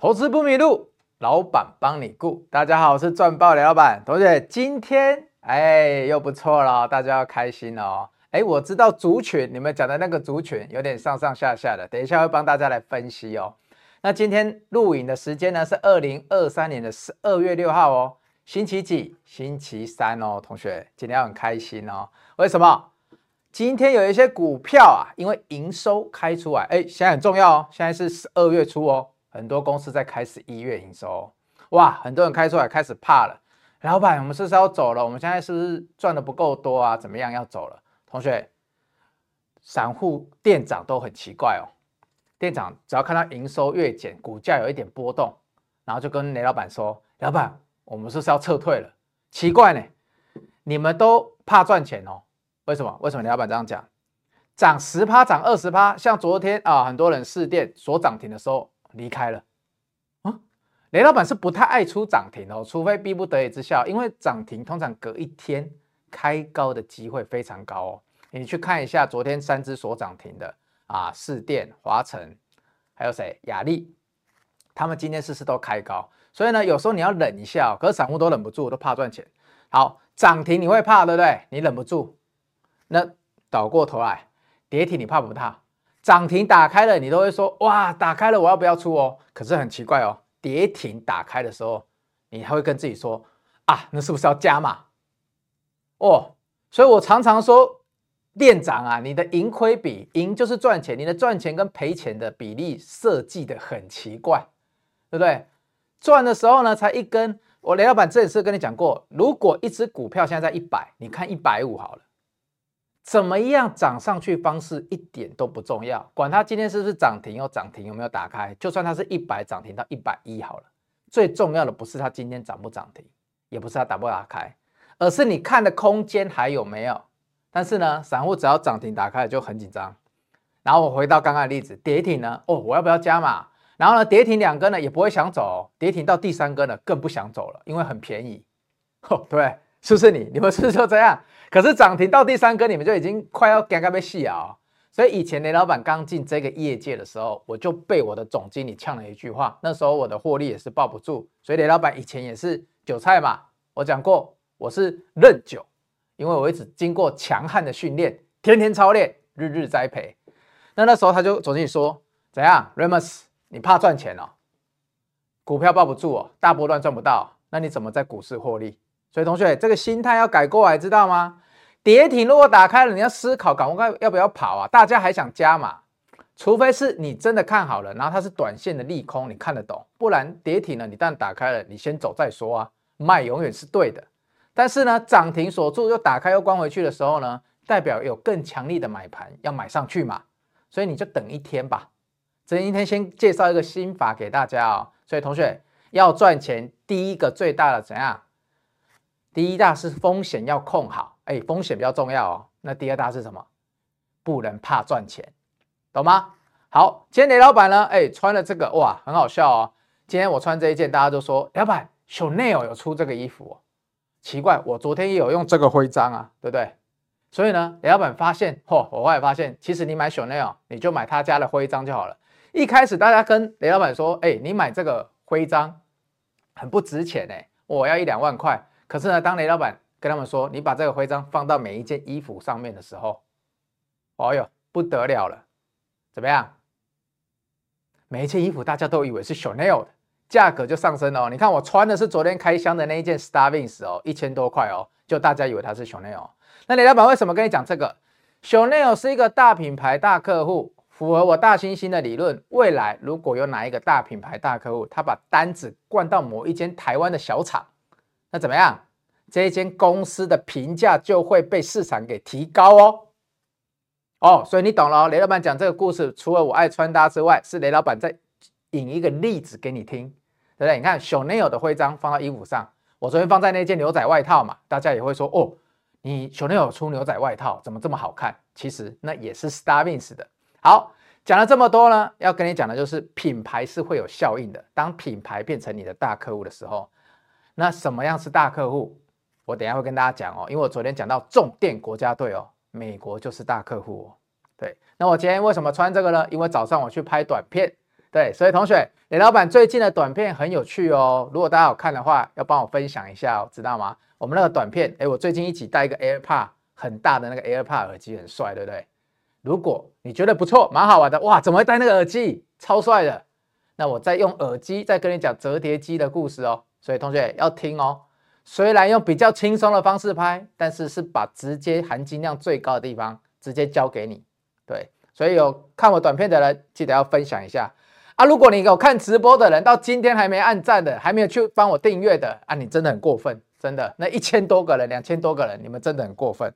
投資不迷路，老闆幫你顧。大家好，我是鑽豹的老闆同學。今天哎又不錯了哦，大家要開心哦。哎，我知道族群你們講的那個族群有點上上下下的，等一下會幫大家來分析哦。那今天錄影的時間呢是二零二三年的十二月六號哦，星期幾？星期三哦，同學今天要很開心哦。為什麼？今天有一些股票啊，因為營收開出來，哎，現在很重要哦，現在是十二月初哦。很多公司在開始一月營收，哇，很多人開出來開始怕了。老闆，我們是不是要走了？我們現在是不是賺得不夠多啊？怎麼樣要走了？同學，散戶店長都很奇怪哦。店長只要看到營收月減，股價有一點波動，然後就跟雷老闆說：“老闆，我們是不是要撤退了？”奇怪呢，你們都怕賺錢哦？為什麼？為什麼雷老闆這樣講？漲十趴，漲二十趴，像昨天啊，很多人試店所漲停的時候。離開了，啊，雷老板是不太愛出漲停哦，除非逼不得已之下，因為漲停通常隔一天開高的機會非常高哦。你去看一下，昨天三隻所漲停的啊，士電、華城，還有誰？亞力，他們今天試試都開高，所以呢，有時候你要忍一下，可是散戶都忍不住，都怕賺錢。好，漲停你會怕，對不對？你忍不住，那倒過頭來跌停你怕不怕？漲停打開了，你都會說哇，打開了，我要不要出哦？可是很奇怪哦，跌停打開的時候，你還會跟自己說啊，那是不是要加碼哦？所以我常常說，店長啊，你的盈虧比，盈就是賺錢，你的賺錢跟賠錢的比例設計的很奇怪，對不對？賺的時候呢，才一根。我雷老板這次跟你講過，如果一隻股票現在在一百，你看一百五好了。怎麼樣漲上去方式一點都不重要，管它今天是不是漲停又漲停，有沒有打開，就算它是一百漲停到一百一好了。最重要的不是它今天漲不漲停，也不是它打不打開，而是你看的空間還有沒有。但是呢，散戶只要漲停打開了就很緊張。然後我回到剛剛的例子，跌停呢，哦，我要不要加碼？然後呢，跌停兩根呢也不會想走，哦，跌停到第三根呢更不想走了，因為很便宜。吼，對。是不是你？你們是不是就這樣？可是漲停到第三根，你們就已經快要尷尬被戲啊！所以以前雷老闆剛進這個業界的時候，我就被我的總經理嗆了一句話。那時候我的獲利也是抱不住，所以雷老闆以前也是韭菜嘛。我講過，我是認酒，因為我一直經過強悍的訓練，天天操練，日日栽培。那那時候他就總經理說，怎樣，Remus，你怕賺錢哦、喔？股票抱不住哦、喔，大波段賺不到、喔，那你怎麼在股市獲利？所以，同學，這個心態要改過來，知道嗎？跌停如果打開了，你要思考，趕快要不要跑啊？大家還想加嘛？除非是你真的看好了，然後它是短線的利空，你看得懂。不然跌停呢，你一旦打開了，你先走再說啊，賣永遠是對的。但是呢，漲停鎖住又打開又關回去的時候呢，代表有更強力的買盤要買上去嘛，所以你就等一天吧。今天先介紹一個心法給大家哦。所以，同學要賺錢，第一個最大的怎樣？第一大是風險要控好，哎，風險比較重要哦。那第二大是什麼？不能怕賺錢，懂嗎？好，今天雷老板呢？哎，穿了這個哇，很好笑哦。今天我穿這一件，大家都說雷老板 Chanel 有出這個衣服。哦，奇怪，我昨天也有用這個徽章啊，對不對？所以呢，雷老板發現，嚯，哦，我後來發現，其實你買 Chanel，你就買他家的徽章就好了。一開始大家跟雷老板說，哎，你買這個徽章很不值錢呢。欸，我，哦，要一兩萬塊。可是呢，當雷老板跟他們說：“你把這個徽章放到每一件衣服上面的時候，哎呦不得了了！怎麼樣？每一件衣服大家都以為是 Chanel 的，價格就上升了哦。你看我穿的是昨天開箱的那一件 Starvings 哦，一千多塊哦，就大家以為它是 Chanel。那雷老板為什麼跟你講這個？Chanel 是一個大品牌、大客戶，符合我大猩猩的理論。未來如果有哪一個大品牌、大客戶，他把單子灌到某一間台灣的小廠，那怎麼樣？這一間公司的評價就會被市場給提高哦，哦，所以你懂了哦。雷老板講這個故事，除了我愛穿搭之外，是雷老板在引一個例子給你聽，對不對？你看 Chanel 的徽章放到衣服上，我昨天放在那件牛仔外套嘛，大家也會說哦，你 Chanel 出牛仔外套怎麼這麼好看？其實那也是 Starbings 的。好，講了這麼多呢，要跟你講的就是品牌是會有效應的，當品牌變成你的大客戶的時候。那什麼樣是大客戶？我等下會跟大家講哦。因為我昨天講到重電國家隊哦，美國就是大客戶哦。對，那我今天為什麼穿這個呢？因為早上我去拍短片，對，所以同學，李老板最近的短片很有趣哦。如果大家有看的話，要幫我分享一下哦，知道嗎？我們那個短片，哎，我最近一起戴一個 AirPods，很大的那個 AirPods 耳機，很帥，對不對？如果你覺得不錯，蠻好玩的哇，怎麼會戴那個耳機，超帥的。那我再用耳機再跟你講折疊機的故事哦。所以同學要聽哦，雖然用比較輕鬆的方式拍，但是是把直接含金量最高的地方直接交給你。對，所以有看我短片的人，記得要分享一下啊！如果你有看直播的人，到今天還沒按讚的，還沒有去幫我訂閱的，啊，你真的很過分，真的，那一千多個人，兩千多個人，你們真的很過分。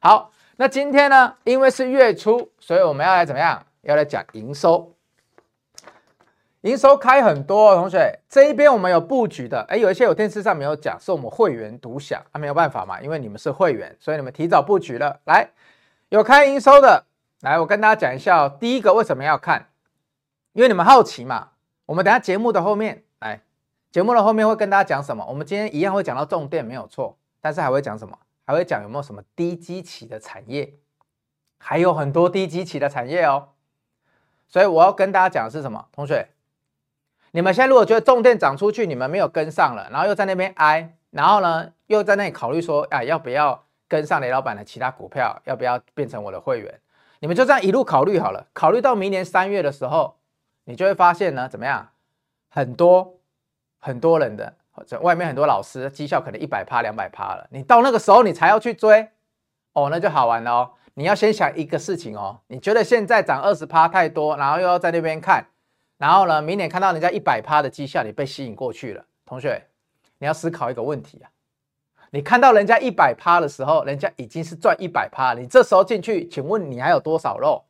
好，那今天呢，因為是月初，所以我們要來怎麼樣？要來講營收。營收開很多、哦，同學，這一邊我們有布局的，哎，有一些有電視上沒有講，是我們會員獨享，那、啊、沒有辦法嘛，因為你們是會員，所以你們提早布局了。來，有開營收的，來，我跟大家講一下、哦，第一個為什麼要看，因為你們好奇嘛。我們等一下節目的後面，來節目的後面會跟大家講什麼？我們今天一樣會講到重電沒有錯，但是還會講什麼？還會講有沒有什麼低基期的產業，還有很多低基期的產業哦。所以我要跟大家講的是什麼，同學？你們現在如果覺得重電漲出去，你們沒有跟上了，然後又在那邊挨，然後呢，又在那裡考慮說，哎、啊，要不要跟上雷老板的其他股票？要不要變成我的會員？你們就這樣一路考慮好了，考慮到明年三月的時候，你就會發現呢，怎麼樣，很多很多人的或者外面很多老師績效可能一百趴、兩百趴了，你到那個時候你才要去追，哦，那就好玩了哦。你要先想一個事情哦，你覺得現在漲二十趴太多，然後又要在那邊看。然後呢，明年看到人家一百趴的績效，你被吸引過去了。同學，你要思考一個問題啊，你看到人家一百趴的時候，人家已經是賺一百趴了，你這時候進去，請問你還有多少肉？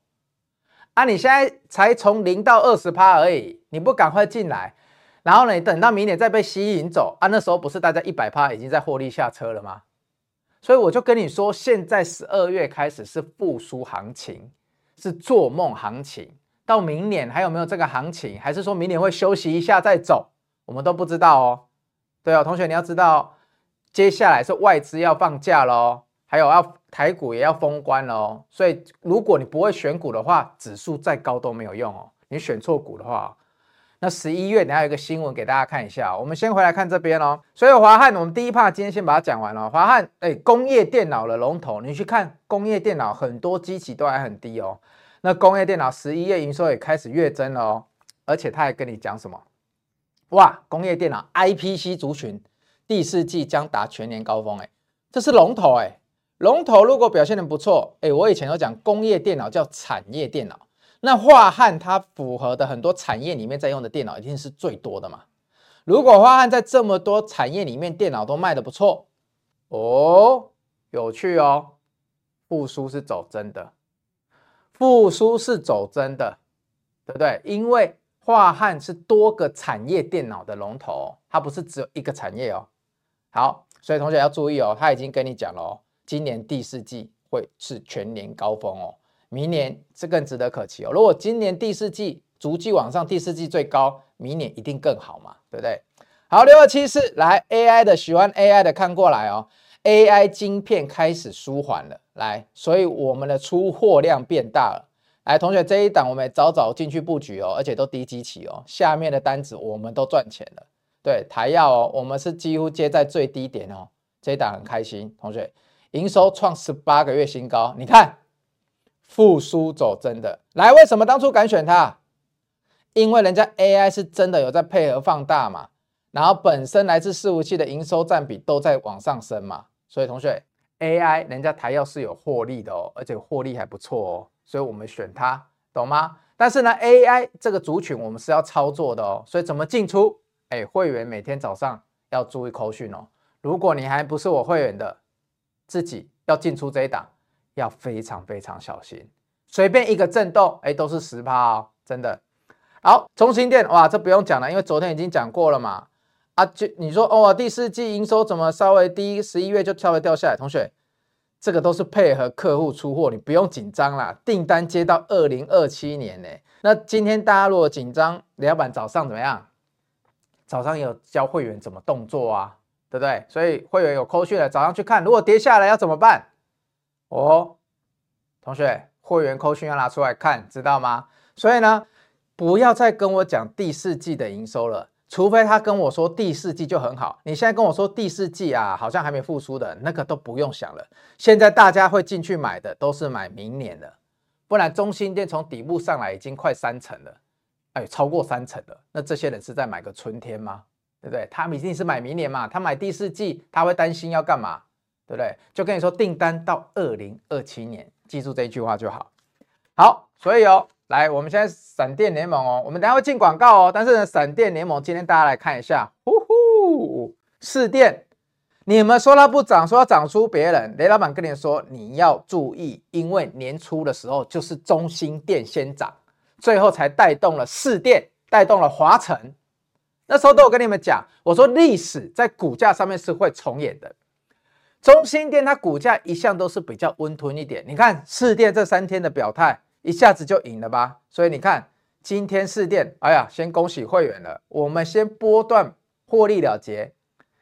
啊，你現在才從零到二十趴而已，你不趕快進來，然後呢，你等到明年再被吸引走啊，那時候不是大家一百趴已經在獲利下車了嗎？所以我就跟你說，現在十二月開始是復甦行情，是做夢行情。到明年還有沒有這個行情？還是說明年會休息一下再走？我們都不知道哦。對哦，同學你要知道，接下來是外資要放假嘍，還有要台股也要封關嘍。所以如果你不會選股的話，指數再高都沒有用哦。你選錯股的話，那十一月你還有一個新聞給大家看一下哦。我們先回來看這邊哦。所以樺漢，我們第一趴今天先把它講完了哦。樺漢，哎、欸，工業電腦的龍頭，你去看工業電腦，很多機器都還很低哦。那工業電腦十一月營收也開始月增了哦，而且他還跟你講什麼？哇，工業電腦 IPC 族群第四季將達全年高峰，欸，哎，這是龍頭哎，欸，龍頭如果表現的不錯，哎，欸，我以前都講工業電腦叫產業電腦，那樺漢它符合的很多產業裡面在用的電腦一定是最多的嘛。如果樺漢在這麼多產業裡面電腦都賣的不錯，哦，有趣哦，復甦是走真的。復甦是走真的，對不對？因為樺漢是多個產業電腦的龍頭、哦，它不是只有一個產業哦。好，所以同學要注意哦，他已經跟你講了哦，今年第四季會是全年高峰哦，明年是更值得可期哦。如果今年第四季逐季往上，第四季最高，明年一定更好嘛，對不對？好，六二七四來 AI 的，喜歡 AI 的看過來哦。AI 晶片開始舒緩了，來，所以我們的出貨量變大了。來，同學，這一檔我們也早早進去布局哦，而且都低基期哦，下面的單子我們都賺錢了。對，台耀哦，我們是幾乎接在最低點哦，這一檔很開心。同學，營收創十八個月新高，你看，復甦走真的。來，為什麼當初敢選它？因為人家 AI 是真的有在配合放大嘛，然後本身來自伺服器的營收佔比都在往上升嘛。所以同學，AI 人家台要是有獲利的哦，而且獲利還不錯哦，所以我們選它，懂嗎？但是呢，AI 這個族群我們是要操作的哦，所以怎麼進出？哎，會員每天早上要注意口訊哦。如果你還不是我會員的，自己要進出這一檔，要非常非常小心，隨便一個震動，哎，都是十趴哦，真的。好，中興電，哇，這不用講了，因為昨天已經講過了嘛。啊，就你說哦，第四季營收怎麼稍微低？十一月就稍微掉下來，同學，這個都是配合客戶出貨，你不用緊張啦。訂單接到二零二七年呢，那今天大家如果緊張，林老闆早上怎麼樣？早上有教會員怎麼動作啊，對不對？所以會員有扣訊了，早上去看，如果跌下來要怎麼辦？哦，同學，會員扣訊要拿出來看，知道嗎？所以呢，不要再跟我講第四季的營收了。除非他跟我說第四季就很好，你現在跟我說第四季啊，好像還沒復甦的那個都不用想了。現在大家會進去買的都是買明年的，不然中興電從底部上來已經快三成了，哎，超過三成了。那這些人是在買個春天嗎？對不對？他一定是買明年嘛。他買第四季，他會擔心要幹嘛？對不對？就跟你說訂單到二零二七年，記住這一句話就好。好，所以哦。來，我們現在閃電聯盟哦，我們等下會進廣告哦。但是呢，閃電聯盟今天大家來看一下，呼呼，士電，你們說它不漲，說它漲出別人，雷老闆跟你說你要注意，因為年初的時候就是中興電先漲，最後才帶動了士電，帶動了華城。那時候都我跟你們講，我說歷史在股價上面是會重演的。中興電它股價一向都是比較溫吞一點，你看士電這三天的表態。一下子就贏了吧，所以你看今天重電，哎呀，先恭喜會員了。我們先波段獲利了結，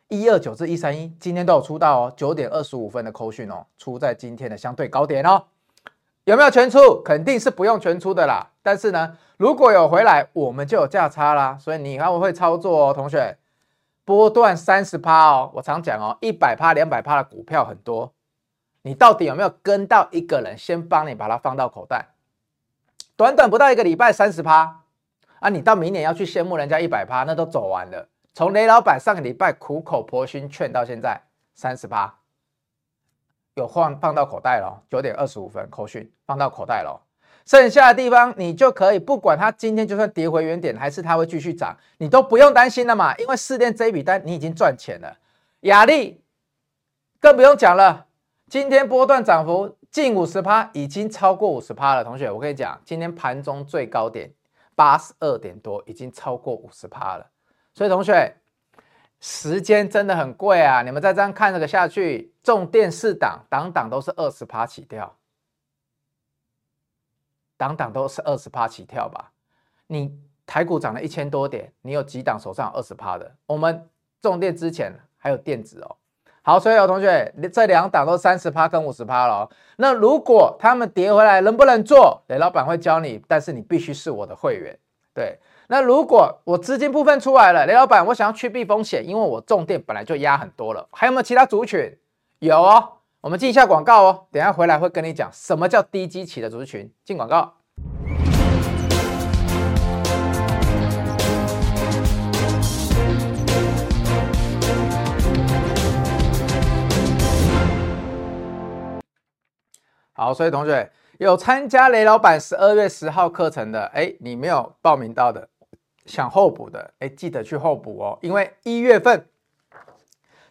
一二九至一三一，今天都有出到哦，九點二十五分的口訊哦，出在今天的相對高點哦。有沒有全出？肯定是不用全出的啦。但是呢，如果有回來，我們就有價差啦。所以你要會操作哦，同學。波段三十趴哦，我常講哦，一百趴、兩百趴的股票很多，你到底有沒有跟到一個人先幫你把它放到口袋？短短不到一個禮拜，三十趴啊！你到明年要去羨慕人家一百趴，那都走完了。從雷老闆上個禮拜苦口婆心勸到現在，三十趴有放放到口袋了。九點二十五分口訊放到口袋了，剩下的地方你就可以不管它。今天就算跌回原點，還是它會繼續漲，你都不用擔心了嘛。因為士電這一筆單你已經賺錢了，亞力更不用講了，今天波段漲幅。近五十趴已經超過五十趴了，同學，我跟你講，今天盤中最高點八十二點多，已經超過五十趴了。所以，同學，時間真的很貴啊！你們再這樣看這個下去，重電四檔，檔檔都是二十趴起跳，檔檔都是二十趴起跳吧？你台股漲了一千多點，你有幾檔手上二十趴的？我們重電之前還有電子哦。好，所以有同學這兩檔都三十趴跟五十趴了，那如果他們跌回來能不能做？雷老板會教你，但是你必須是我的會員。對，那如果我資金部分出來了，雷老板，我想要去避風險，因為我重電本來就壓很多了，還有沒有其他族群？有哦，我們進一下廣告哦，等一下回來會跟你講什麼叫低基期的族群。進廣告。好，所以同學有參加雷老闆十二月十號課程的，哎，你沒有報名到的，想候補的，哎，記得去候補哦，因為一月份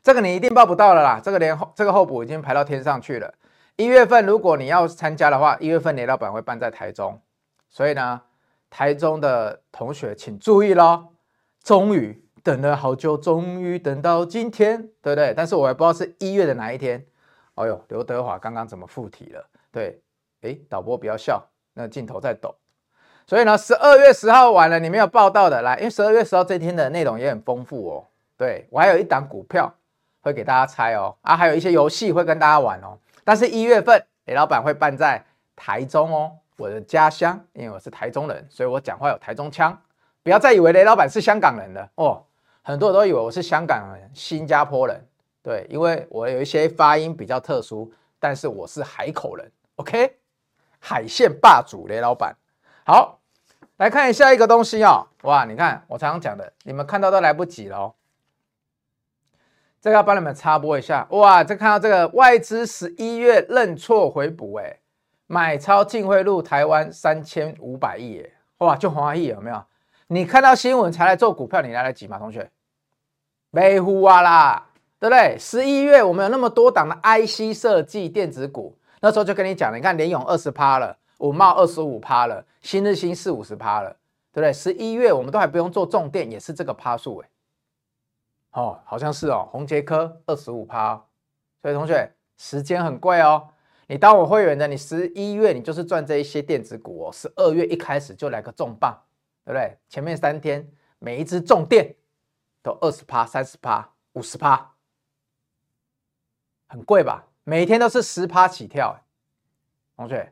這個你一定報不到了啦，這個連候這個候補已經排到天上去了。一月份如果你要參加的話，一月份雷老闆會辦在台中，所以呢，台中的同學請注意嘍。終於等了好久，終於等到今天，對不對？但是我也不知道是一月的哪一天。哎呦，劉德華剛剛怎麼附體了？對，哎，導播不要笑，那個鏡頭在抖。所以呢，十二月十號完了，你沒有報道的，來，因為十二月十號這天的內容也很豐富哦。對，我還有一檔股票會給大家猜哦，啊，還有一些遊戲會跟大家玩哦。但是，一月份雷老板會辦在台中哦，我的家鄉，因為我是台中人，所以我講話有台中腔。不要再以為雷老板是香港人了哦，很多人都以為我是香港人、新加坡人。對，因為我有一些發音比較特殊，但是我是海口人。OK，海線霸主雷老闆，好，來看一下一個東西哦。哇，你看我常常講的，你們看到都來不及嘍。這個要幫你們插播一下，哇，這看到這個外資十一月認錯回補，哎，買超淨匯入台灣三千五百億，哎，哇，就紅花億有沒有？你看到新聞才來做股票，你來得及嗎，同學？沒乎啊！啦，對不對？十一月我們有那麼多檔的 IC 設計電子股。那時候就跟你講了，你看聯詠二十趴了，五茂二十五趴了，新日興四五十趴了，對不對？十一月我們都還不用做重電也是這個趴數哎、欸。哦，好像是哦，宏捷科二十五趴。所、哦、以同學，時間很貴哦。你當我會員的，你十一月你就是賺這一些電子股哦。十二月一開始就來個重磅，對不對？前面三天每一支重電都二十趴、三十趴、五十趴，很貴吧？每天都是十趴起跳，同學，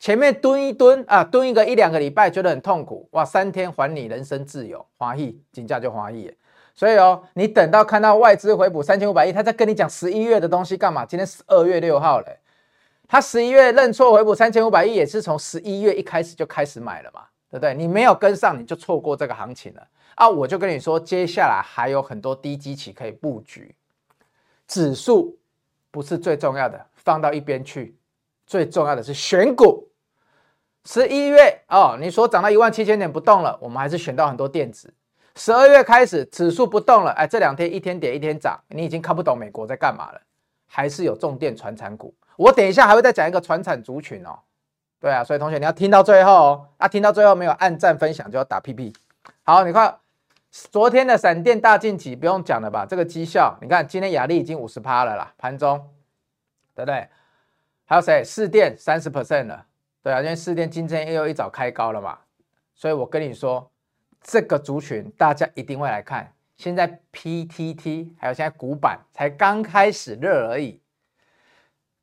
前面蹲一蹲啊，蹲一個一兩個禮拜，覺得很痛苦哇！三天還你人生自由，華城金價就華城。所以哦，你等到看到外資回補三千五百億，他在跟你講十一月的東西幹嘛？今天十二月六號了，他十一月認錯回補三千五百億，也是從十一月一開始就開始買了嘛，對不對？你沒有跟上，你就錯過這個行情了啊！我就跟你說，接下來還有很多低基期可以布局指數。不是最重要的，放到一邊去。最重要的是選股。十一月哦，你說漲到一萬七千點不動了，我們還是選到很多電子。十二月開始，指數不動了，哎，這兩天一天跌一天漲，你已經看不懂美國在幹嘛了。還是有重電、傳產股。我等一下還會再講一個傳產族群哦。對啊，所以同學你要聽到最後哦，啊，聽到最後沒有按讚、分享就要打屁屁。好，你快。昨天的閃電大進擊不用講了吧？這個績效，你看今天亞力已經五十趴了啦，盤中，對不對？還有誰？士電三十 percent 了，對啊，因為士電今天又一早開高了嘛，所以我跟你說，這個族群大家一定會來看。現在 PTT 還有現在股板才剛開始熱而已，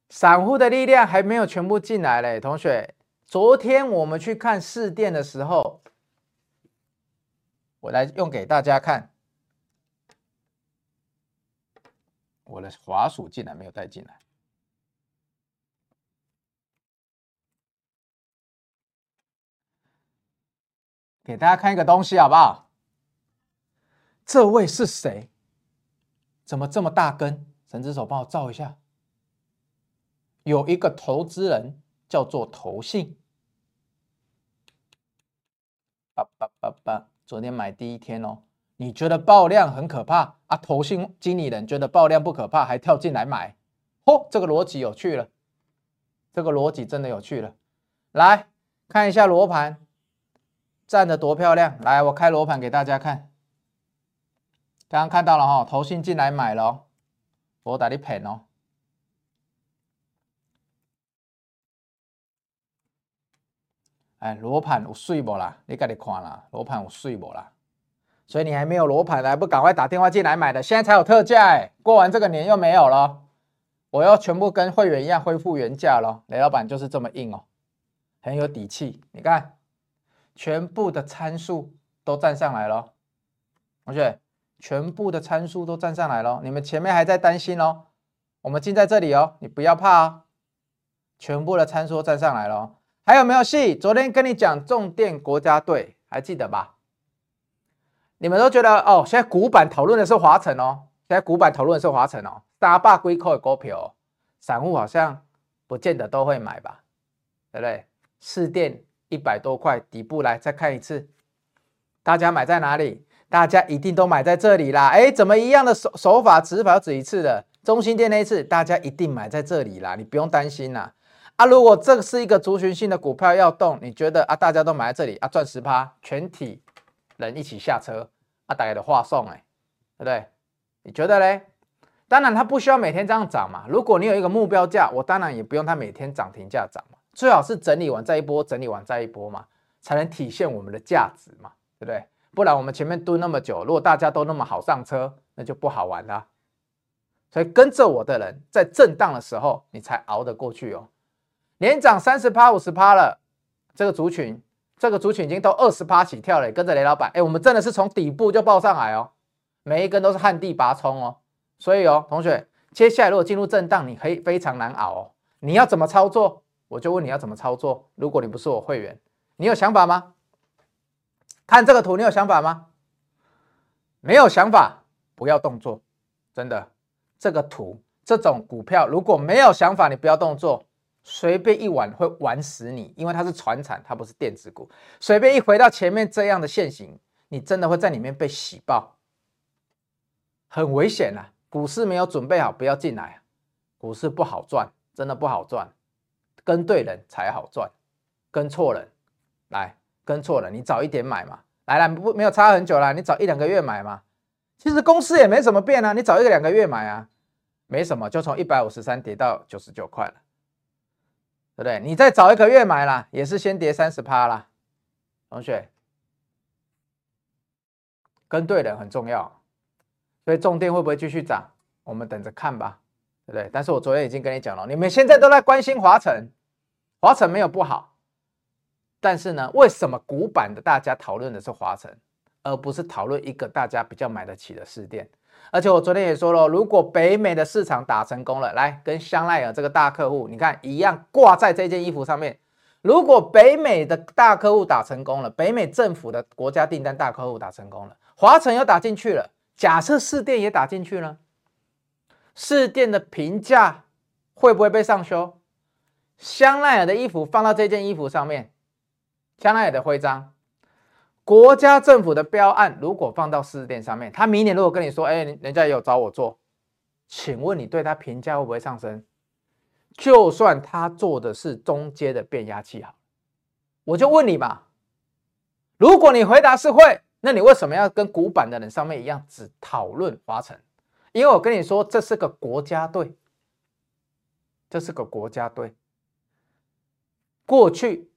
散戶的力量還沒有全部進來嘞，同學。昨天我們去看士電的時候。我來用給大家看，我的滑鼠竟然沒有帶進來，給大家看一個東西好不好？這位是誰？怎麼這麼大根？神之手幫我照一下。有一個投資人叫做投信，八八八八。昨天買第一天哦，你覺得爆量很可怕啊？投信經理人覺得爆量不可怕，還跳進來買，嚯，這個邏輯有趣了，這個邏輯真的有趣了。來看一下羅盤，站得多漂亮，來，我開羅盤給大家看。剛剛看到了哈，投信進來買了哦，我打你騙哦。哎，羅盤有水不啦？你自己看啦，羅盤有水不啦？所以你還沒有羅盤的，還不趕快打電話進來買的，現在才有特價哎、欸！過完這個年又沒有了，我要全部跟會員一樣恢復原價了。雷老板就是這麼硬哦、喔，很有底氣。你看，全部的參數都站上來了，同學，全部的參數都站上來了。你們前面還在擔心哦、喔，我們進在這裡哦、喔，你不要怕哦、喔，全部的參數都站上來了。還有沒有戲？昨天跟你講重電國家隊，還記得吧？你們都覺得哦，現在古板討論的是華城哦，現在古板討論的是華城哦，大壩龜殼的股票，哦，散戶好像不見得都會買吧，對不對？士電一百多塊底部來，再看一次，大家買在哪裡？大家一定都買在這裡啦！哎，怎麼一樣的手手法，指法指一次的？中興電那一次，大家一定買在這裡啦，你不用擔心啦。啊，如果這是一個族群性的股票要動，你覺得啊，大家都買在這裡啊，賺十趴，全體人一起下車啊，大家的話送哎、欸，對不對？你覺得嘞？當然，它不需要每天這樣漲嘛。如果你有一個目標價，我當然也不用它每天漲停價漲嘛。最好是整理完再一波，整理完再一波嘛，才能體現我們的價值嘛，對不對？不然我們前面蹲那麼久，如果大家都那麼好上車，那就不好玩了、啊。所以跟着我的人在震盪的時候，你才熬得過去哦。年漲三十趴、五十趴了，這個族群，這個族群已經都二十趴起跳了，跟着雷老闆，哎，我們真的是從底部就爆上來哦，每一根都是旱地拔蔥哦，所以哦，同學，接下來如果進入震盪，你可以非常難熬哦，你要怎麼操作？我就問你要怎麼操作？如果你不是我會員，你有想法嗎？看這個圖，你有想法嗎？沒有想法，不要動作，真的，這個圖這種股票如果沒有想法，你不要動作。隨便一玩會玩死你，因為它是傳產，它不是電子股。隨便一回到前面這樣的線型，你真的會在裡面被洗爆，很危險啊！股市沒有準備好，不要進來啊！股市不好賺，真的不好賺，跟對人才好賺，跟錯人，來跟錯人，你早一點買嘛。來了不沒有差很久了，你早一兩個月買嘛。其實公司也沒什麼變啊，你早一個兩個月買啊，沒什麼，就從一百五十三跌到九十九塊了。對不對？你再找一個月買了，也是先跌三十趴了。同學，跟對人很重要。所以重電會不會繼續漲？我們等着看吧，對不對？但是我昨天已經跟你講了，你們現在都在關心華城，華城沒有不好，但是呢，為什麼古板的大家討論的是華城，而不是討論一個大家比較買得起的士電？而且我昨天也說了，如果北美的市場打成功了，來跟香奈兒這個大客戶，你看一樣掛在這件衣服上面。如果北美的大客戶打成功了，北美政府的國家訂單大客戶打成功了，華城又打進去了，假設士電也打進去了，士電的評價會不會被上修？香奈兒的衣服放到這件衣服上面，香奈兒的徽章。國家政府的標案如果放到士電上面，他明年如果跟你說：“哎，人家也有找我做，請問你對他評價會不會上升？”就算他做的是中階的變壓器，好，我就問你吧。如果你回答是會，那你為什麼要跟古板的人上面一樣只討論華城？因為我跟你說，這是個國家隊，這是個國家隊，過去。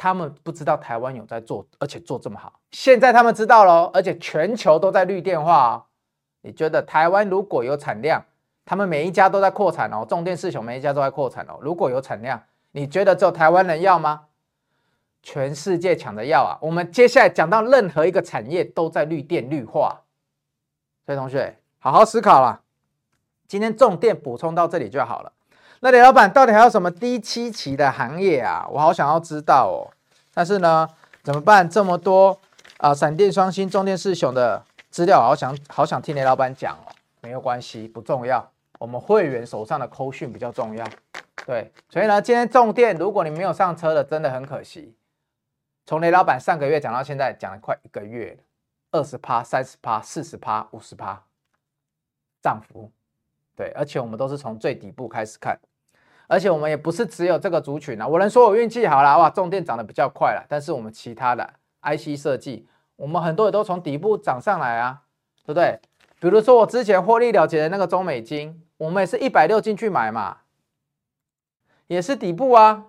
他們不知道台灣有在做，而且做這麼好。現在他們知道嘍，而且全球都在綠電化哦。你覺得台灣如果有產量，他們每一家都在擴產哦，重電四雄每一家都在擴產哦。如果有產量，你覺得只有台灣人要嗎？全世界搶着要啊！我們接下來講到任何一個產業都在綠電綠化，所以同學好好思考了啊。今天重電補充到這裡就好了。那雷老闆到底還有什麼低七期的行業啊？我好想要知道哦。但是呢，怎麼辦？這麼多啊，呃、閃電雙星、重電四雄的資料，好想好想聽雷老闆講哦。沒有關係，不重要。我們會員手上的扣訊比較重要。對，所以呢，今天重電，如果你沒有上車的，真的很可惜。從雷老闆上個月講到現在，講了快一個月了，二十趴、三十趴、四十趴、五十趴漲幅。對，而且我們都是從最底部開始看。而且我們也不是只有這個族群啊，我能說我運氣好啦，哇，重電漲得比較快了，但是我們其他的 IC 設計，我們很多也都從底部漲上來啊，對不對？比如說我之前獲利了結的那個中美金，我們也是一百六進去買嘛，也是底部啊，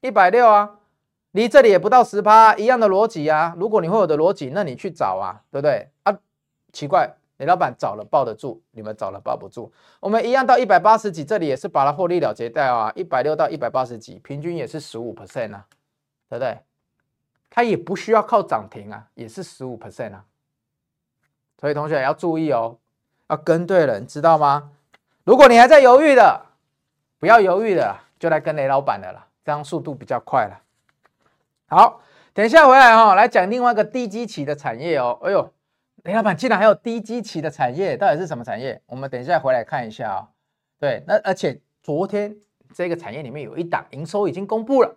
一百六啊，離這裡也不到十趴，一樣的邏輯啊。如果你會我的邏輯，那你去找啊，對不對？啊，奇怪。雷老闆找了抱得住，你們找了抱不住。我們一樣到一百八十幾，這裡也是把它獲利了結掉，哦、啊。一百六到一百八十幾，平均也是十五 percent 啊，對不對？它也不需要靠漲停啊，也是十五 percent 啊。所以同學要注意哦，要跟對人，知道嗎？如果你還在猶豫的，不要猶豫的，就來跟雷老闆的了啦，這樣速度比較快了。好，等一下回來哦，來講另外一個低基期的產業哦。哎呦。雷老板竟然還有低基期的產業，到底是什麼產業？我們等一下回來看一下哦。對，那而且昨天這個產業裡面有一檔營收已經公布了，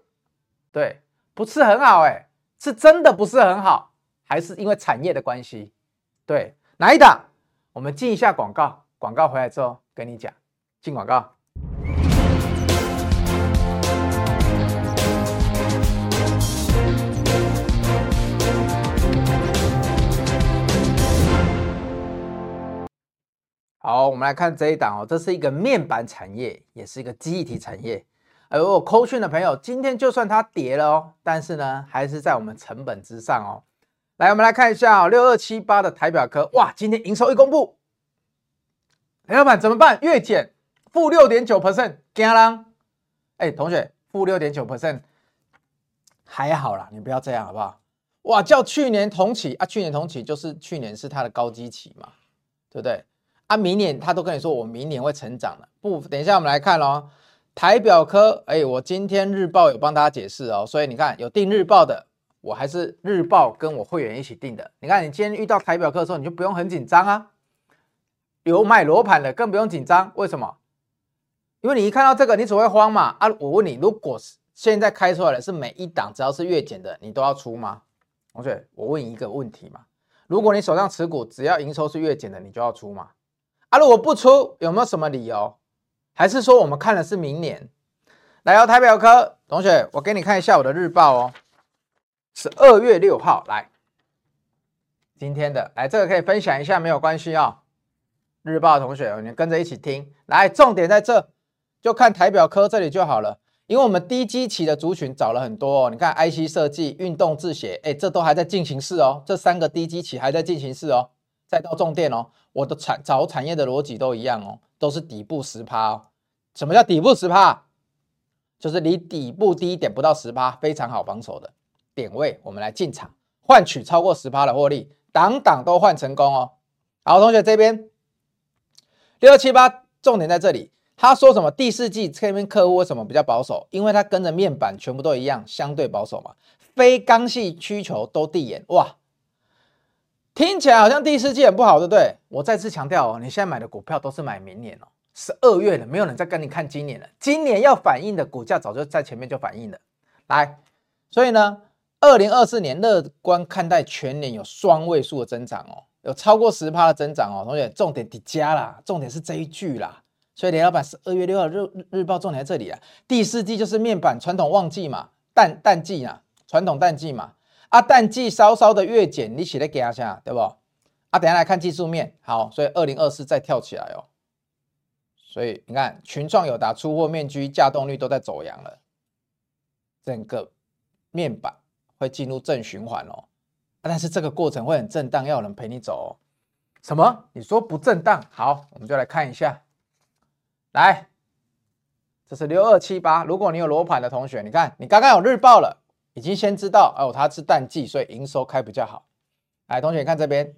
對，不是很好欸，是真的不是很好，還是因為產業的關係？對，哪一檔？我們進一下廣告，廣告回來之後跟你講，進廣告。好，我們來看這一檔哦，這是一個面板產業，也是一個記憶體產業。哎呦，我扣訊的朋友，今天就算它跌了哦，但是呢，還是在我們成本之上哦。來，我們來看一下六二七八的台表科，哇，今天營收一公布，朋友們怎麼辦？月減負六點九 percent，哎，同學，負六點九 percent，還好啦，你不要這樣好不好？哇，較去年同期啊，去年同期就是去年是它的高基期嘛，對不對？他明年他都跟你說，我明年會成長了。不，等一下我們來看哦。台表科，哎、欸，我今天日報有幫大家解釋哦，所以你看有訂日報的，我還是日報跟我會員一起訂的。你看你今天遇到台表科的時候，你就不用很緊張啊。有買羅盤的更不用緊張，為什麼？因為你一看到這個，你只會慌嘛。啊，我問你，如果是現在開出來的是每一檔只要是月減的，你都要出嗎？同學，我問你一個問題嘛，如果你手上持股，只要營收是月減的，你就要出嗎？他、啊、如果不出，有沒有什麼理由？還是說我們看的是明年？來、哦，台表科同學，我給你看一下我的日報哦，是二月六號來，今天的來這個可以分享一下，沒有關係哦，日報同學，你跟着一起聽來，重點在這，就看台表科這裡就好了，因為我們低基期的族群找了很多哦。你看 IC 設計、運動制鞋，哎、欸，這都還在進行式哦，這三個低基期還在進行式哦，再到重電哦。我的產找產業的邏輯都一樣哦，都是底部十趴哦。什麼叫底部十趴？就是離底部低一點不到十趴，非常好防守的點位，我們來進場，換取超過十趴的獲利，檔檔都換成功哦。好，同學這邊六二七八，重點在這裡。他說什麼？第四季這邊客戶為什麼比較保守？因為他跟着面板全部都一樣，相對保守嘛。非剛性需求都遞延，哇。聽起來好像第四季很不好，對不對？我再次強調哦，你現在買的股票都是買明年哦，十二月了，沒有人再跟你看今年了。今年要反映的股價早就在前面就反映了。來，所以呢，二零二四年樂觀看待全年有雙位數的增長哦，有超過十趴的增長哦。同學，重點疊加啦，重點是這一句啦。所以林老闆是十二月六號日日報，重點在這裡啊。第四季就是面板傳統旺季嘛，淡淡季嘛，傳統淡季嘛。啊，淡季稍稍的越減，你起來加一下，對不？啊，等一下來看技術面，好，所以二零二四再跳起來哦。所以你看，群創有打出貨面居價動率都在走揚了，整個面板會進入正循環哦、啊。但是這個過程會很震盪，要有人陪你走、哦。什麼？你說不震盪？好，我們就來看一下。來，這是六二七八。如果你有羅盤的同學，你看，你剛剛有日報了。已經先知道哦，它是淡季，所以營收開比較好。來，同學，你看這邊，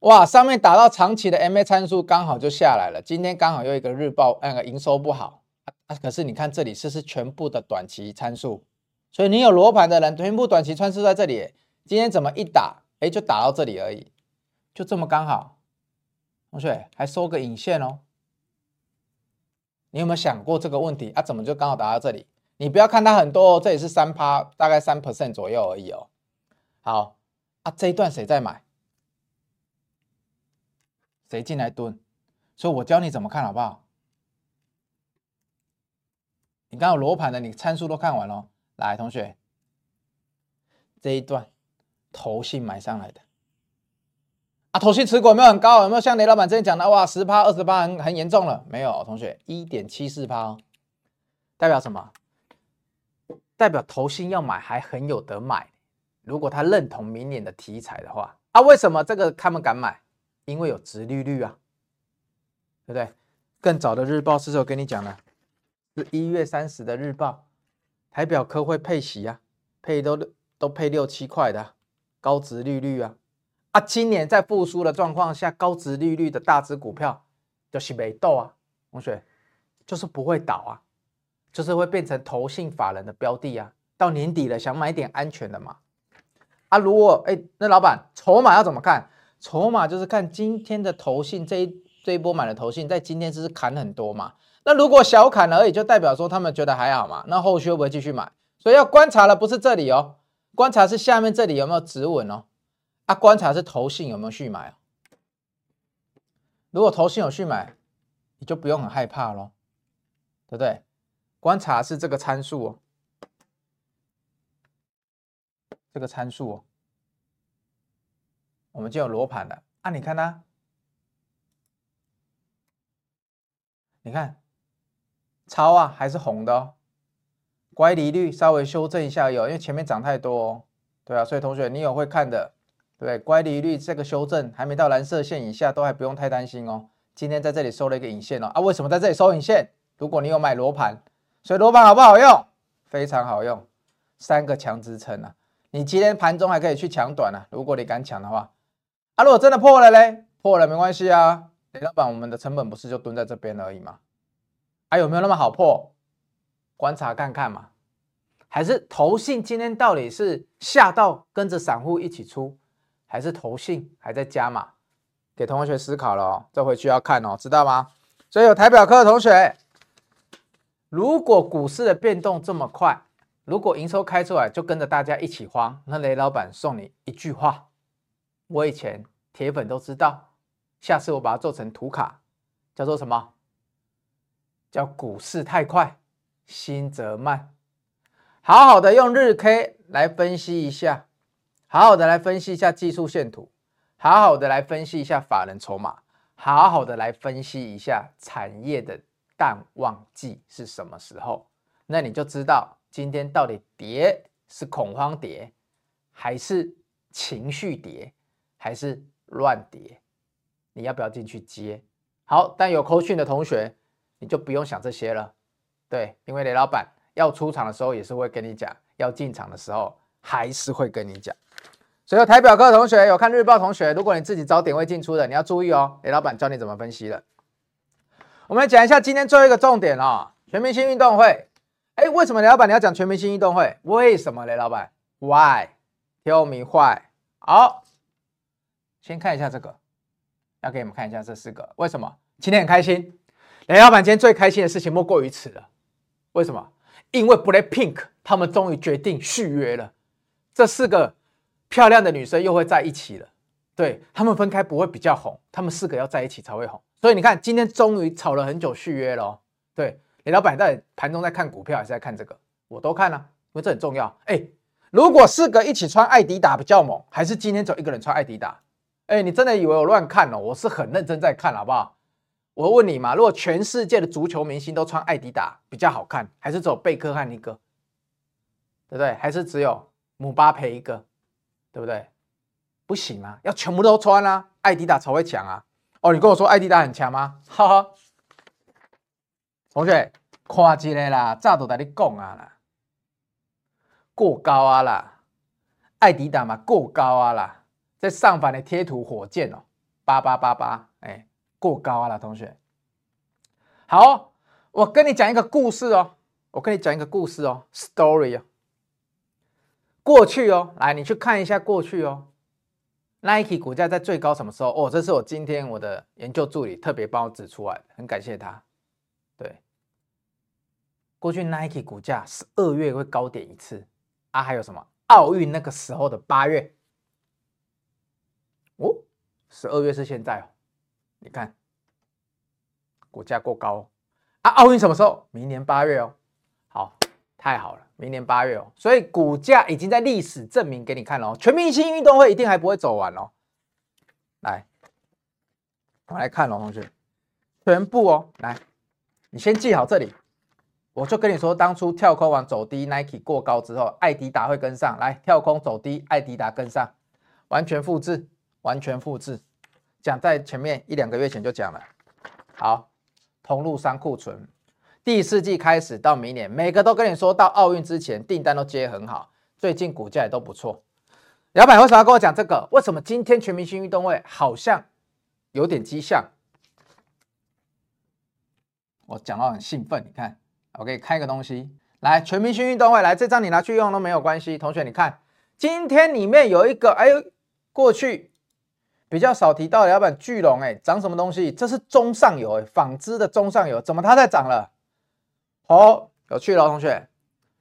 哇，上面打到長期的 MA 參數剛好就下來了。今天剛好又一個日報那個、呃、營收不好、啊，可是你看這裡是是全部的短期參數，所以你有羅盤的人，全部短期參數在這裡，今天怎麼一打，哎，就打到這裡而已，就這麼剛好。同學還收個影線哦，你有沒有想過這個問題啊？怎麼就剛好打到這裡？你不要看它很多哦，這也是三趴，大概三 percent 左右而已哦。好，啊這一段誰在買？誰進來蹲？所以我教你怎麼看好不好？你剛有羅盤的，你參數都看完了。來，同學，這一段投信買上來的，啊投信持股有沒有很高？有沒有像雷老闆之前講的哇十趴、二十趴很很嚴重了？沒有哦，同學，一點七四趴哦，代表什麼？代表投信要買，還很有得買。如果他認同明年的題材的話，啊，為什麼這個他們敢買？因為有殖利率啊，對不對？更早的日報是時候跟你講的，是一月三十的日報，台表科會配息啊，配都都配六七塊的、啊、高殖利率啊。啊，今年在復甦的狀況下，高殖利率的大支股票就是沒倒啊，同學就是不會倒啊。就是會變成投信法人的標的啊，到年底了，想買點安全的嘛。啊，如果哎那老闆籌碼要怎麼看？籌碼就是看今天的投信這一這一波買的投信，在今天只是砍很多嘛，那如果小砍了而已，就代表說他們覺得還好嘛，那後續會不會繼續買？所以要觀察的不是這裡哦，觀察是下面這裡有沒有止穩哦，啊，觀察是投信有沒有續買哦。如果投信有續買，你就不用很害怕咯，對不對？觀察是這個參數哦，這個參數哦，我們就有羅盤了啊，啊。你看呢？你看、啊，超啊還是紅的哦。乖離率稍微修正一下有，有因為前面漲太多，哦，對啊，所以同學你有會看的，對，乖離率這個修正還沒到藍色線以下，都還不用太擔心哦。今天在這裡收了一個影線哦，啊，為什麼在這裡收影線？如果你有買羅盤。所以螺板好不好用？非常好用，三個強支撐啊！你今天盤中還可以去搶短啊！如果你敢搶的話，啊，如果真的破了嘞，破了沒關係啊！老闆我們的成本不是就蹲在這邊而已嗎？啊有沒有那麼好破？觀察看看嘛！還是投信今天到底是嚇到跟着散戶一起出，還是投信還在加碼？給同學思考了哦，這回去要看哦，知道嗎？所以有台表課的同學。如果股市的變動這麼快，如果營收開出來就跟着大家一起慌，那雷老板送你一句話，我以前鐵粉都知道，下次我把它做成圖卡，叫做什麼？叫股市太快，心則慢。好好的用日 K 來分析一下，好好的來分析一下技術線圖，好好的來分析一下法人籌碼，好好的來分析一下產業的。淡旺季是什麼時候？那你就知道今天到底跌是恐慌跌，還是情緒跌，還是亂跌？你要不要進去接？好，但有口訊的同學，你就不用想這些了。對，因為雷老板要出場的時候也是會跟你講，要進場的時候還是會跟你講。所以有台表課的同學，有看日報同學，如果你自己找點位進出的，你要注意哦。雷老板教你怎麼分析的。我們來講一下今天最後一個重點哦，全明星運動會。哎，為什麼雷老板你要講全明星運動會？為什麼雷老板？Why？Tell me why. 好，先看一下這個，要給你們看一下這四個。為什麼？今天很開心，雷老板今天最開心的事情莫過於此了。為什麼？因為 BLACKPINK 他們終於決定續約了，這四個漂亮的女生又會在一起了。對，他們分開不會比較紅，他們四個要在一起才會紅。所以你看，今天終於炒了很久續約了。哦。對，李老板在盤中在看股票，還是在看這個，我都看了。啊，因為這很重要。哎，如果四個一起穿艾迪達比較猛，還是今天走一個人穿艾迪達？哎，你真的以為我亂看哦？我是很認真在看，好不好？我問你嘛，如果全世界的足球明星都穿艾迪達比較好看，還是走貝克漢一個？對不對？還是只有姆巴佩一個？對不對？不行啊，要全部都穿啊，艾迪達才會強啊。哦，你跟我說艾迪達很強嗎？哈哈好，同學，誇張啦，早就跟你講啊啦，過高啊啦，艾迪達嘛過高啊啦，在上方的貼圖火箭哦，八八八八，哎，過高啊啦，同學，好哦，我跟你講一個故事哦，我跟你講一個故事哦，Story，過去哦，來，你去看一下過去哦。Nike 股價在最高什麼時候？哦，這是我今天我的研究助理特別幫我指出來，很感謝他。對，過去 Nike 股價十二月會高點一次啊，還有什麼奧運那個時候的八月？哦，十二月是現在哦，你看，股價過高哦，啊，奧運什麼時候？明年八月哦，好，太好了。明年八月哦，所以股價已經在歷史證明給你看了哦，全明星運動會一定還不會走完了哦。來，我們來看了哦，同學，全部哦，來，你先記好這裡，我就跟你說，當初跳空完走低，Nike 過高之後，艾迪達會跟上，來，跳空走低，艾迪達跟上，完全複製，完全複製，講在前面一兩個月前就講了，好，通路商庫存。第四季開始到明年，每個都跟你說到奧運之前訂單都接得很好，最近股價也都不錯。老闆為什麼要跟我講這個？為什麼今天全明星運動會好像有點跡象？我講到很興奮，你看，我給你看一個東西，來，全明星運動會，來這張你拿去用都沒有關係。同學，你看今天裡面有一個，哎呦，過去比較少提到的老闆巨龍、欸，哎，漲什麼東西？這是中上游、欸，哎，紡織的中上游，怎麼它在漲了？好、哦，有趣了。同學，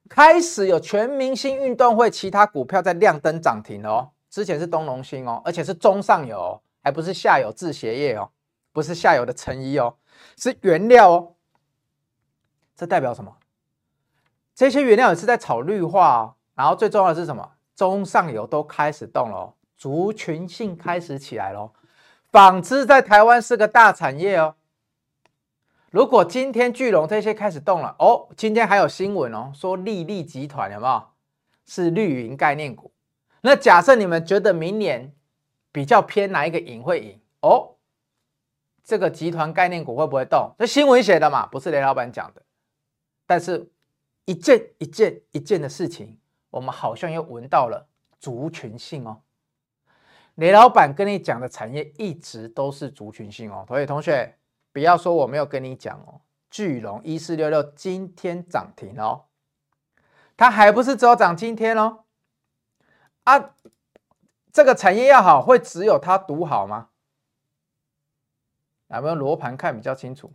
開始有全明星運動會，其他股票在亮燈漲停了哦。之前是東隆興哦，而且是中上游、哦，還不是下游製鞋業哦，不是下游的成衣哦，是原料哦。這代表什麼？這些原料也是在炒綠化、哦。然後最重要的是什麼？中上游都開始動了、哦，族群性開始起來了哦。紡織在台灣是個大產業哦。如果今天聚龍這些開始動了哦，今天還有新聞哦，說利利集團有沒有是綠營概念股？那假設你們覺得明年比較偏哪一個營會贏哦？這個集團概念股會不會動？那新聞寫的嘛，不是雷老闆講的，但是一件一件一件的事情，我們好像又聞到了族群性哦。雷老闆跟你講的產業一直都是族群性哦，所以同學。不要說我沒有跟你講哦，巨龍一四六六今天漲停哦，它還不是只有漲今天哦，啊，這個產業要好，會只有它獨好嗎？來，我們用羅盤看比較清楚。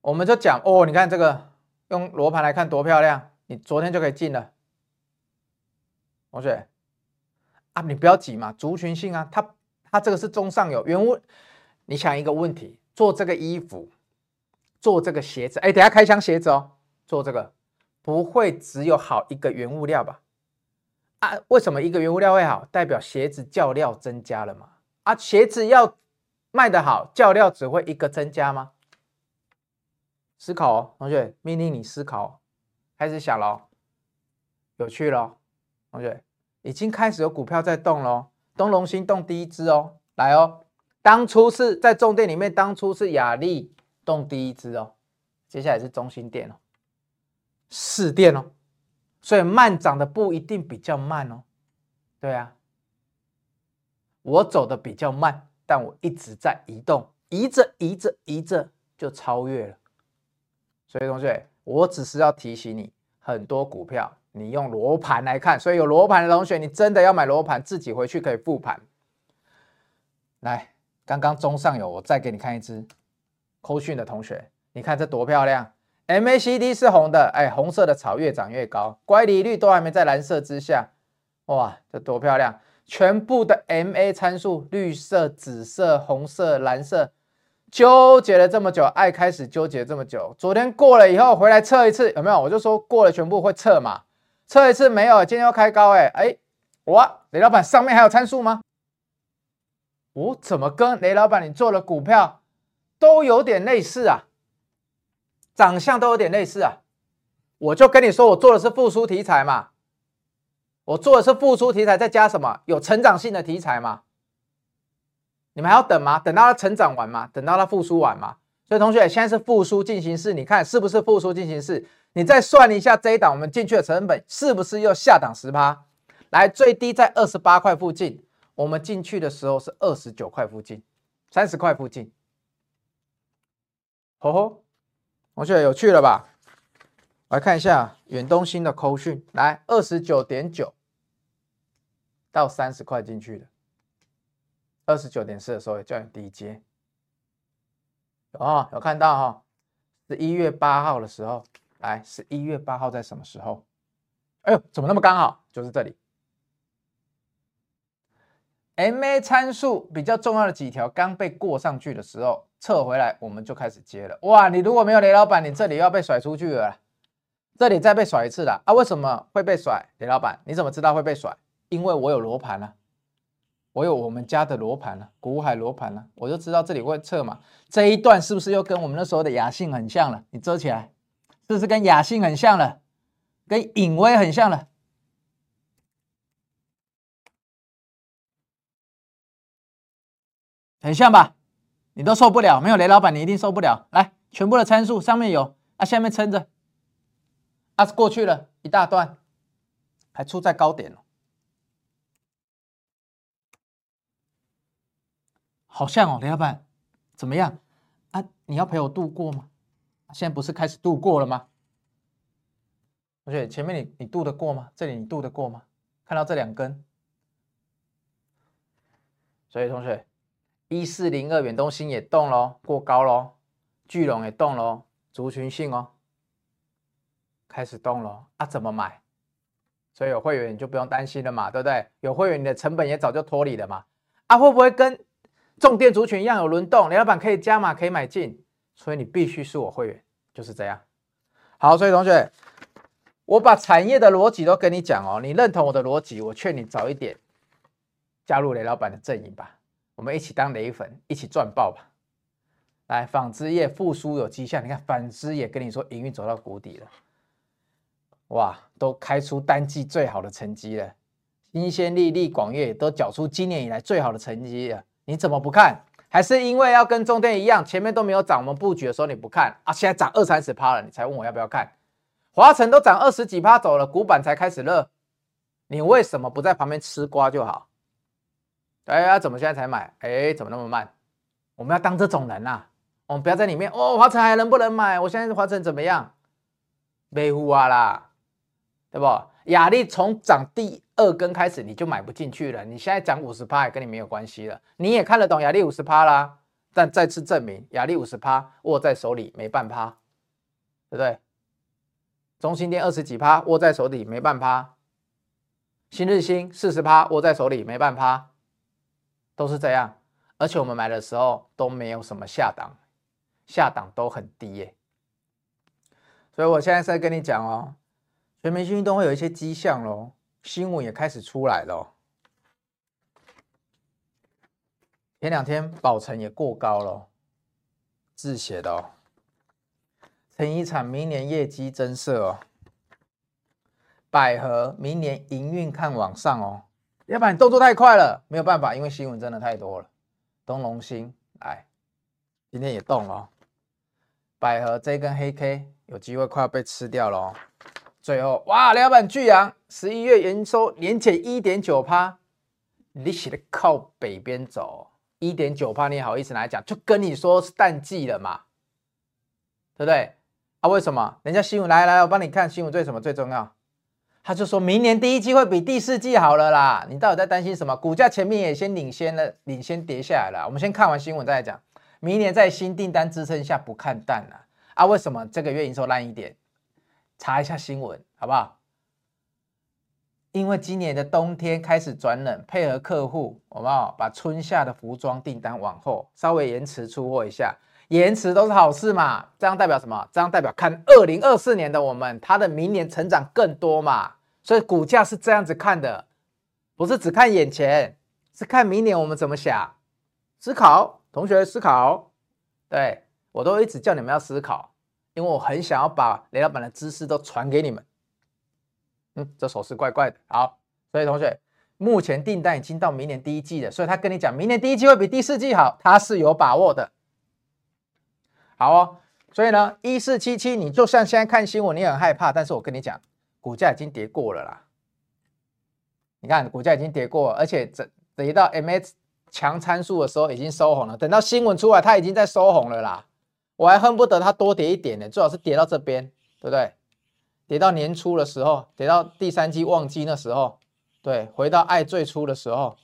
我們就講哦，你看這個用羅盤來看多漂亮，你昨天就可以進了，同學啊，你不要急嘛，族群性啊，它它、啊、這個是中上游原物。你想一個問題：做這個衣服，做這個鞋子，哎，等一下開箱鞋子哦，做這個不會只有好一個原物料吧？啊，為什麼一個原物料會好？代表鞋子叫料增加了嗎？啊，鞋子要賣得好，叫料只會一個增加嗎？思考，哦，同學命令你思考，開始想了，有趣了，同學已經開始有股票在動了。東龍新動第一支哦，來哦，當初是在重電裡面，當初是亞力動第一支哦，接下來是中興電哦，士電哦，所以慢漲的不一定比較慢哦，對啊，我走的比較慢，但我一直在移動，移着移着移着就超越了，所以同學，我只是要提醒你，很多股票。你用羅盤來看，所以有羅盤的同學，你真的要買羅盤，自己回去可以復盤。來，剛剛中上有我再給你看一支，科訊的同學，你看這多漂亮，MACD 是紅的，哎、欸，紅色的草越長越高，乖離率都還沒在藍色之下，哇，這多漂亮！全部的 MA 參數，綠色、紫色、紅色、藍色，糾結了這麼久，愛開始糾結這麼久，昨天過了以後回來測一次有沒有？我就說過了，全部會測嘛。測一次沒有，今天要開高哎、欸、哎，哇！雷老板上面還有參數嗎？我、哦、怎麼跟雷老板你做的股票都有點類似啊？長相都有點類似啊！我就跟你說，我做的是復蘇題材嘛，我做的是復蘇題材，再加什麼有成長性的題材嘛？你們還要等嗎？等到它成長完嗎？等到它復蘇完嗎？所以，同學，現在是復蘇進行式，你看是不是復蘇進行式？你再算一下這一檔我們進去的成本是不是又下檔十趴？來，最低在二十八塊附近，我們進去的時候是二十九塊附近，三十塊附近。哦吼、哦，同學有趣了吧？我來看一下遠東新的 K 線，來，二十九點九到三十塊進去的，二十九點四的時候叫你低接。哦，有看到哈、哦，是一月八號的時候，來是一月八號在什麼時候？哎呦，怎麼那麼剛好？就是這裡，MA 參數比較重要的幾條剛被過上去的時候撤回來，我們就開始接了。哇，你如果沒有雷老板，你這裡又要被甩出去了，這裡再被甩一次了啊？為什麼會被甩？雷老板，你怎麼知道會被甩？因為我有羅盤啊。我有我們家的羅盤了、啊，古海羅盤了、啊，我就知道這裡會測嘛。這一段是不是又跟我們那時候的亞信很像了？你遮起來，是不是跟亞信很像了？跟穎崴很像了，很像吧？你都受不了，沒有雷老板，你一定受不了。來，全部的參數上面有啊，下面撐着，啊，是過去了一大段，還出在高點了。好像哦，林老闆，怎麼樣啊？你要陪我度過嗎？現在不是開始度過了嗎？同學，前面你你度得過嗎？這裡你度得過嗎？看到這兩根，所以同學，一四零二遠東新也動了，過高嘍，巨龍也動嘍，族群性哦，開始動了，啊，怎麼買？所以有會員你就不用擔心了嘛，對不對？有會員你的成本也早就脫離了嘛。啊，會不會跟？重電族群一樣有輪動，雷老板可以加碼，可以買進，所以你必須是我會員，就是這樣。好，所以同學，我把產業的邏輯都跟你講哦，你認同我的邏輯，我勸你早一點加入雷老板的陣營吧，我們一起當雷粉，一起賺爆吧。來，紡織業復甦有跡象，你看紡織業跟你說營運走到谷底了，哇，都開出單季最好的成績了，新纖、力麗、廣業也都繳出今年以來最好的成績了。你怎麼不看？還是因為要跟重電一樣，前面都沒有漲，我們布局的時候你不看啊？現在漲二三十趴了，你才問我要不要看？華城都漲二十幾趴走了，股板才開始熱，你為什麼不在旁邊吃瓜就好？哎呀、啊，怎麼現在才買？哎，怎麼那麼慢？我們要當這種人啊。我們不要在裡面哦。華城還能不能買？我現在華城怎麼樣？被唬啊啦，對不？亞力從漲第二根開始，你就買不進去了。你現在漲五十趴也跟你沒有關係了。你也看得懂亞力五十趴啦，但再次證明亞力五十趴握在手裡沒半趴對不對？中興電二十幾趴握在手裡沒半趴，新日興四十趴握在手裡沒半趴，都是這樣。而且我們買的時候都沒有什麼下檔，下檔都很低耶、欸。所以我現在在跟你講哦。全民性運動會有一些跡象嘍，新聞也開始出來了、哦。前兩天保存也過高了，字寫的哦，成一場明年業績增色哦。百合明年營運看往上哦，要不然你動作太快了，沒有辦法，因為新聞真的太多了。東隆星，來今天也動了、哦，百合這根黑 K 有機會快要被吃掉嘍。最後，哇，老板巨陽十一月營收連減一點九趴，你寫的靠北邊走一點九趴，你也好意思拿來講？就跟你說是淡季了嘛，對不對？啊，為什麼？人家新聞來來，我幫你看新聞最什麼最重要？他就說明年第一季會比第四季好了啦，你到底在擔心什麼？股價前面也先領先了，領先跌下來了。我們先看完新聞再來講，明年在新訂單支撐下不看淡了。啊，為什麼這個月營收爛一點？查一下新聞，好不好？因為今年的冬天開始轉冷，配合客戶，我們要把春夏的服裝訂單往後稍微延遲出貨一下，延遲都是好事嘛。這樣代表什麼？這樣代表看二零二四年的我們，它的明年成長更多嘛。所以股價是這樣子看的，不是只看眼前，是看明年我們怎麼想。思考，同學思考，對，我都一直叫你們要思考。因為我很想要把雷老闆的知識都傳給你們，嗯，這手勢怪怪的。好，所以同學，目前訂單已經到明年第一季了，所以他跟你講，明年第一季會比第四季好，他是有把握的。好哦，所以呢，一四七七，你就像現在看新聞，你很害怕，但是我跟你講，股價已經跌過了啦。你看股價已經跌過了，而且這等等到 M S 強參數的時候已經收紅了，等到新聞出來，它已經在收紅了啦。我還恨不得它多跌一點呢，最好是跌到這邊，對不對？跌到年初的時候，跌到第三季旺季那時候，對，回到愛最初的時候。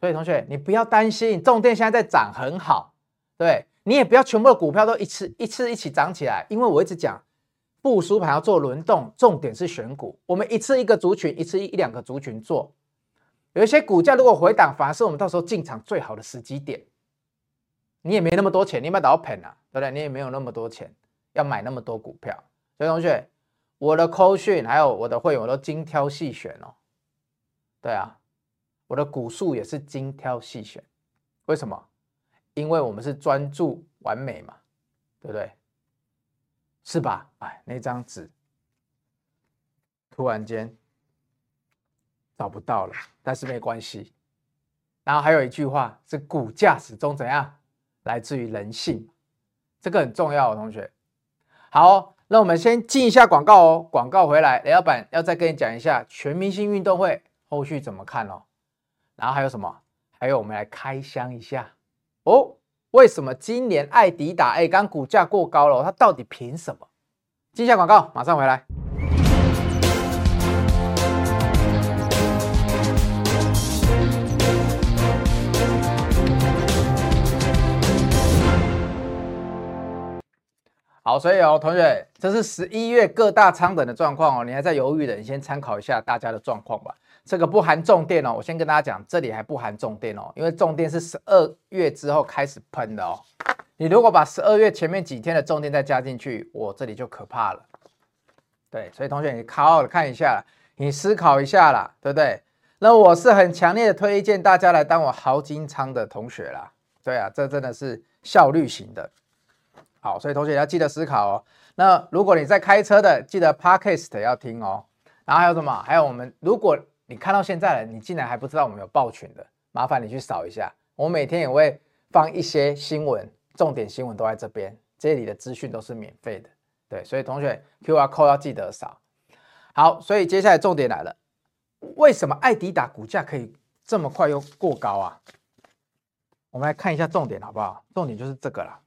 所以同學，你不要擔心，重電現在在漲很好，對，你也不要全部的股票都一次一次一起漲起來，因為我一直講，部署盤要做輪動，重點是選股。我們一次一個族群，一次一兩個族群做，有一些股價如果回檔，反而是我們到時候進場最好的時機點。你也沒那麼多錢，你買多少盤啊？對不對？你也沒有那麼多錢要買那麼多股票。所以同學，我的課程還有我的會員我都精挑細選哦。對啊，我的股數也是精挑細選。為什麼？因為我們是專注完美嘛，對不對？是吧？哎，那張紙突然間找不到了，但是沒關係。然後還有一句話是股價始終怎樣？來自於人性，這個很重要，哦，同學。好哦，那我們先進一下廣告哦。廣告回來，雷老板要再跟你講一下全明星運動會後續怎麼看哦。然後還有什麼？還有我們來開箱一下哦。為什麼今年艾迪達、欸剛股價過高了？它到底憑什麼？進下廣告，馬上回來。好，所以哦，同學，這是十一月各大倉等的狀況哦。你還在猶豫的，你先參考一下大家的狀況吧。這個不含重電哦，我先跟大家講，這裡還不含重電哦，因為重電是十二月之後開始噴的哦。你如果把十二月前面幾天的重電再加進去，我這裡就可怕了。對，所以同學，你好好看一下，你思考一下啦，對不對？那我是很強烈的推薦大家來當我豪金倉的同學啦。對啊，這真的是效率型的。好，所以同學要記得思考哦。那如果你在開車的，記得 Podcast 要聽哦。然後還有什麼？還有我們，如果你看到現在了，你竟然還不知道我們有報群的，麻煩你去掃一下。我每天也會放一些新聞，重點新聞都在這邊，這裡的資訊都是免費的。對，所以同學 QR code 要記得掃。好，所以接下來重點來了，為什麼艾迪達股價可以這麼快又過高啊？我們來看一下重點好不好？重點就是這個啦。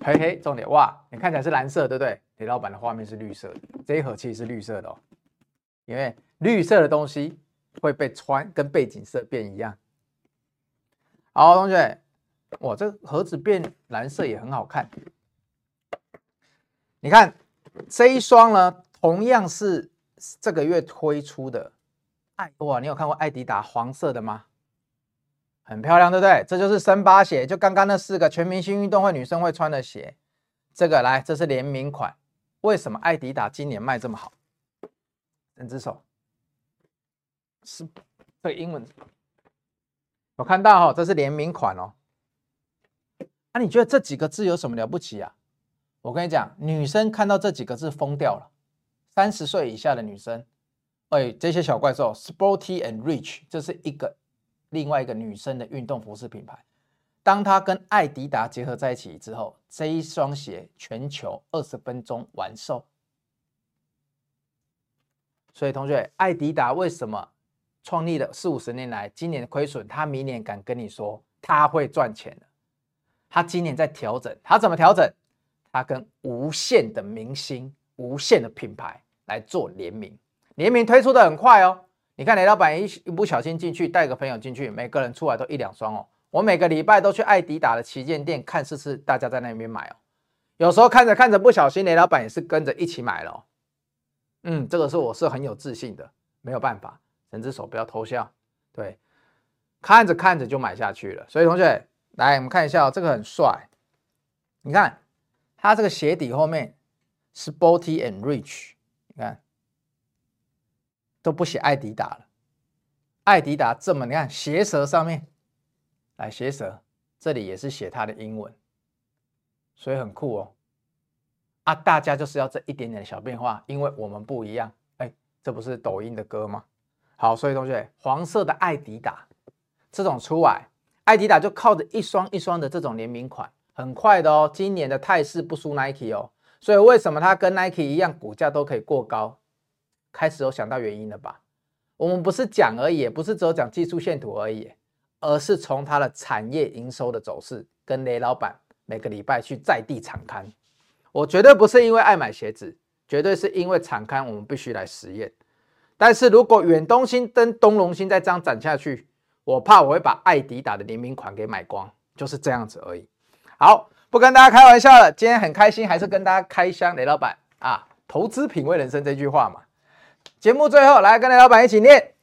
嘿嘿，重點哇！你看起來是藍色，對不對？李老闆的畫面是綠色的，這一盒其實是綠色的哦。因為綠色的東西會被穿，跟背景色變一樣。好，同學，哇，這個盒子變藍色也很好看。你看這一雙呢，同樣是這個月推出的。哎，哇，你有看過愛迪達黃色的嗎？很漂亮，對不對？這就是森巴鞋，就剛剛那四個全明星運動會女生會穿的鞋。這個來，這是聯名款。為什麼愛迪達今年賣這麼好？兩隻手，是，對，英文。我看到哦，這是聯名款哦。那、啊、你覺得這幾個字有什麼了不起啊？我跟你講，女生看到這幾個字瘋掉了。三十歲以下的女生，哎，這些小怪獸，Sporty and Rich，這是一個。另外一個女生的運動服飾品牌，當她跟艾迪達結合在一起之後，這一雙鞋全球二十分鐘完售。所以同學，艾迪達為什麼創立了四五十年來，今年的虧損，他明年敢跟你說他會賺錢？他今年在調整，他怎麼調整？他跟無限的明星、無限的品牌來做聯名，聯名推出得很快哦。你看雷老闆一一不小心進去，帶個朋友進去，每個人出來都一兩雙哦。我每個禮拜都去艾迪達的旗艦店看是不是大家在那邊買哦。有時候看着看着不小心，雷老闆也是跟着一起買了哦。嗯，這個是我是很有自信的，沒有辦法，整隻手不要偷笑。對，看着看着就買下去了。所以同學來，我們看一下哦，這個很帥，你看它這個鞋底後面 sporty and rich，你看。都不寫愛迪達了，愛迪達這麼你看鞋舌上面，來鞋舌這裡也是寫它的英文，所以很酷哦，啊大家就是要這一點點小變化，因為我們不一樣，哎，這不是抖音的歌嗎？好，所以同學黃色的愛迪達這種出來，愛迪達就靠着一雙一雙的這種聯名款，很快的哦，今年的態勢不輸 Nike 哦，所以為什麼它跟 Nike 一樣股價都可以過高？開始有想到原因了吧？我們不是講而已，也不是只有講技術線圖而已，而是從它的產業營收的走勢，跟雷老板每個禮拜去在地廠勘。我絕對不是因為愛買鞋子，絕對是因為廠勘我們必須來實驗。但是如果遠東新跟東隆興再這樣漲下去，我怕我會把愛迪達的聯名款給買光，就是這樣子而已。好，不跟大家開玩笑了，今天很開心，還是跟大家開箱雷老板啊，投資品味人生這句話嘛。節目最後來跟雷老板一起念，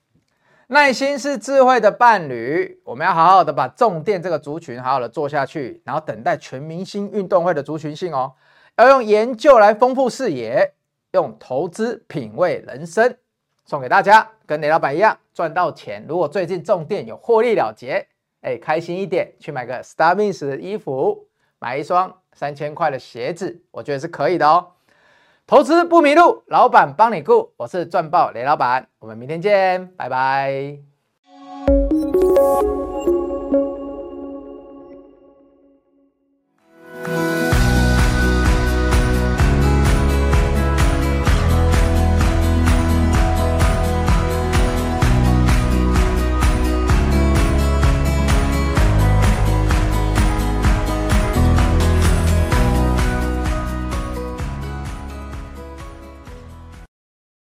耐心是智慧的伴侶。我們要好好的把重電這個族群好好的做下去，然後等待全明星運動會的族群性哦。要用研究來豐富視野，用投資品味人生。送給大家，跟雷老板一樣賺到錢。如果最近重電有獲利了結，哎，開心一點去買個 Starwings 的衣服，買一雙三千塊的鞋子，我覺得是可以的哦。投資不迷路，老闆幫你顧。我是鑽豹雷老闆，我們明天見，拜拜。